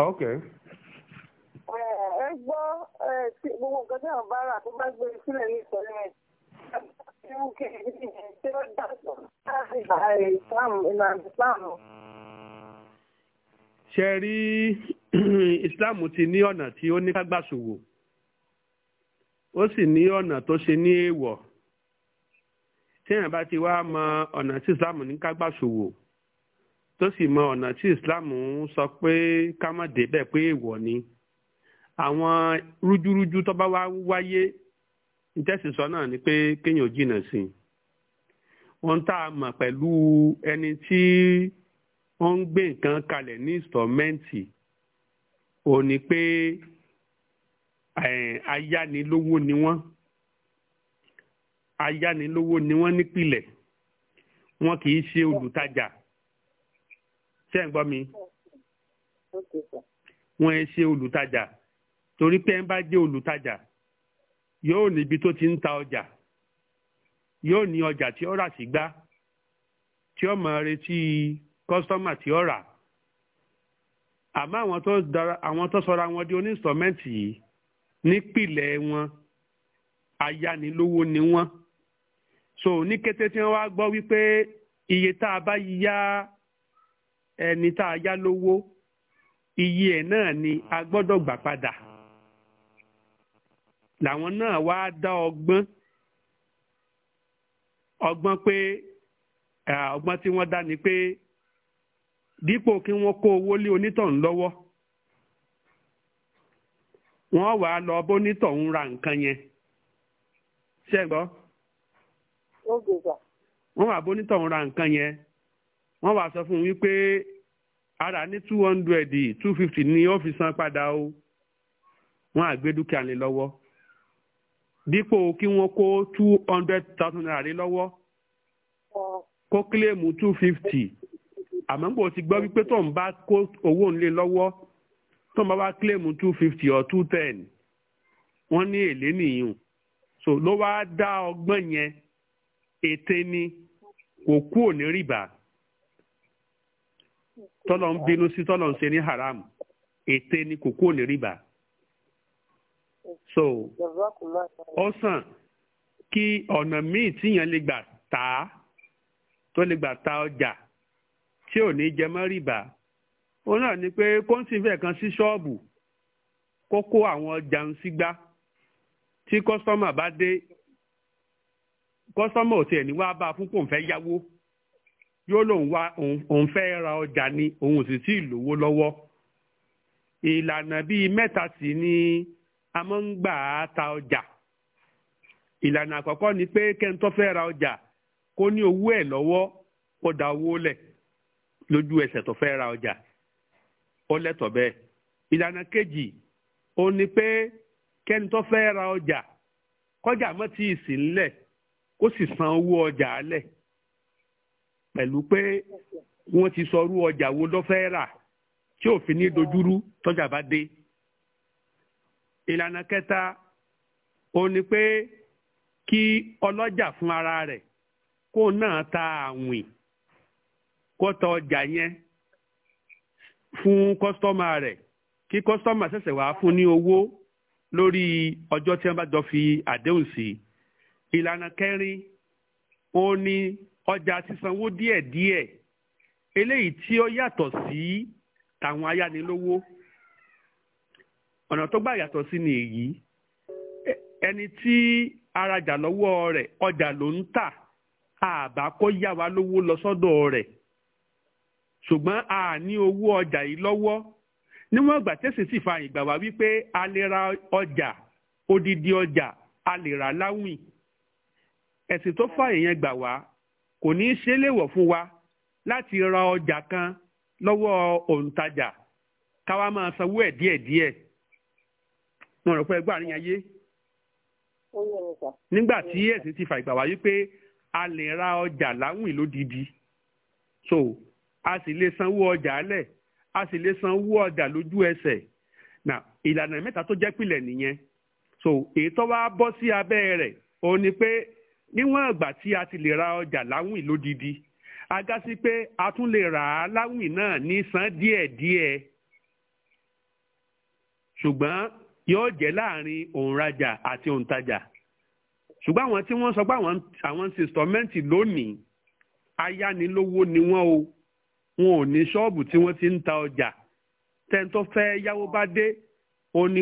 Ah, okay. Eh, ẹ gbọ́ gbogbo nǹkan tí àwọn bá rà tó bá gbé e sílẹ̀ ní ìsọ̀rí Ṣé rí ti ní ọ̀nà tí ó ní Ó sì ní ọ̀nà tó ṣe ní èèwọ̀. bá ti wá mọ ọ̀nà tí ní tó sì mọ ọ̀nà tí Islam ń sọ pé ká má débẹ̀ pé èèwọ̀ ni àwọn rújúrújú tó bá wá wáyé ìtẹ́sísọ náà ni pé kéèyàn jìnnà sí i wọ́n tá a mọ̀ pẹ̀lú ẹni tí wọ́n ń gbé nǹkan kalẹ̀ ní ìsọ̀mẹ́ǹtì ò ní pé ayánilówó ni wọ́n ayánilówó ni wọ́n nípìlẹ̀ wọ́n kì í ṣe olùtajà ṣé ń gbọ́ mi wọ́n ẹ ṣe olùtajà torí pé ń bá jẹ́ olùtajà yóò níbi tó ti ń ta ọjà yóò ní ọjà tí ó rà sí gbá tí ó máa retí kọ́sítọ́mà tí ó rà àmọ́ àwọn tó sọra wọn di onísọ̀mẹ́ǹtì yìí nípìlẹ̀ wọn ayánilówó ni wọ́n so ní kété tí wọ́n wá gbọ́ wípé iye tá a bá yá ẹni tá a yá lówó iye ẹ náà ni a gbọ́dọ̀ gbà padà làwọn náà wá dá ọgbọ́n ọgbọ́n pé ọgbọ́n tí wọ́n dá ni pé dípò kí wọ́n kó owó lé onítọ̀hún lọ́wọ́ wọ́n wàá lọ bónítọ̀hún ra nǹkan yẹn ṣé gbọ́ e wọ́n wàá bónítọ̀hún ra nǹkan yẹn wọ́n wàá sọ fún un wípé ara ní two hundred two fifty ni ó fi san padà o wọ́n á gbé dúkìá lé lọ́wọ́ dípò kí wọ́n kó two hundred thousand naira lé lọ́wọ́ kó kílèmù two fifty àmọ́ ń bò ti gbọ́ wípé tóun bá kó owó ń lé lọ́wọ́ tóun bá wá kílèmù two fifty or two ten wọ́n ní èlé nìyí so ló wá dá ọgbọ́n yẹn ète ni kò kúò ní rìbá tọ́lọ̀ ń bínú sí tọ́lọ̀ ń ṣe ní haram ète ni kò kúrò ní rìbá so ó sàn kí ọ̀nà míì tíyàn lè gbà tà á tó lè gbà ta ọjà tí ò ní jẹ mọ́ rìbá ó náà ni pé kóńtìfẹ̀ kan sí ṣọ́ọ̀bù kó kó àwọn ọjà ń sígbá tí kọ́sọ́mà bá dé kọ́sọ́mà ò tiẹ̀ ní wá bá a fún kò yáwó. yóò lòun wá òun fẹ́ ra ọjà ni òun sì tí ì lówó lọ́wọ́ ìlànà bíi mẹ́ta ni a máa ń gbà á ta ọjà ìlànà àkọ́kọ́ ni pé kẹ́ńtọ́ fẹ́ ra ọjà kó ní owó ẹ̀ lọ́wọ́ kó da owó lẹ̀ lójú ẹsẹ̀ tó fẹ́ ra ọjà ó lẹ́tọ̀ bẹ́ẹ̀ ìlànà kejì ó ní pé kẹ́ńtọ́ fẹ́ ra ọjà kọjá mọ́ tí ì sí ńlẹ̀ kó sì san owó ọjà á lẹ̀ pẹ̀lú pé wọ́n ti sọrú ọjà wo ló fẹ́ rà tí òfin ní dojúrú tọ́jà bá dé. ìlànà kẹta ó ní pé kí ọlọ́jà fún ara rẹ̀ kó náà ta àwìn kó ta ọjà yẹn fún kọ́sítọ́mà rẹ̀ kí kọ́sítọ́mà ṣẹ̀ṣẹ̀ wá fún ní owó lórí ọjọ́ tí wọ́n bá jọ fi àdéhùn sí. ìlànà kẹrin ó ní ọjà sísanwó díẹ̀díẹ̀ eléyìí tí ó yàtọ̀ sí tàwọn ayánilówó ọ̀nà tó gbà yàtọ̀ sí ni èyí e, ẹni tí arajà lọ́wọ́ rẹ̀ ọjà ló ń tà àbá kó yá wa lówó lọ sọ́dọ̀ rẹ̀ ṣùgbọ́n a ní owó ọjà yìí lọ́wọ́ níwọ̀n ìgbà tẹ̀sí sì fa ìgbà wá wípé a lè ra ọjà odidi ọjà a lè rà láwìn ẹ̀sìn tó fà èèyàn gbà wá kò ní í ṣe léwọ̀ fún wa láti ra ọjà kan lọ́wọ́ òǹtajà káwa máa sanwó ẹ̀ díẹ̀díẹ̀ mo rò pé ẹgbẹ́ àárín ayé nígbà tí ẹ̀sìn ti fàgbà wáyé pé a lè ra ọjà láwìn lódidi so a sì lè sanwó ọjà lẹ̀ a sì lè sanwó ọjà lójú ẹsẹ̀ na ìlànà mẹ́ta tó jẹ́ pìlẹ̀ nìyẹn so èyí tó wá bọ́ sí abẹ́ rẹ̀ òun ni pé níwọ̀n ìgbà tí a ti lè ra ọjà láwìn lódidi a ga sí pé a tún lè rà á láwìn náà ní san díẹ̀díẹ̀ ṣùgbọ́n yóò jẹ́ láàrin òǹrajà àti òǹtajà ṣùgbọ́n àwọn tí wọ́n sọ pé àwọn ń lónìí ayánilówó ni wọ́n o wọn ò ní ṣọ́ọ̀bù tí wọ́n ti ń ta ọjà tẹ́ńtọ́ fẹ́ yáwó bá dé ó ní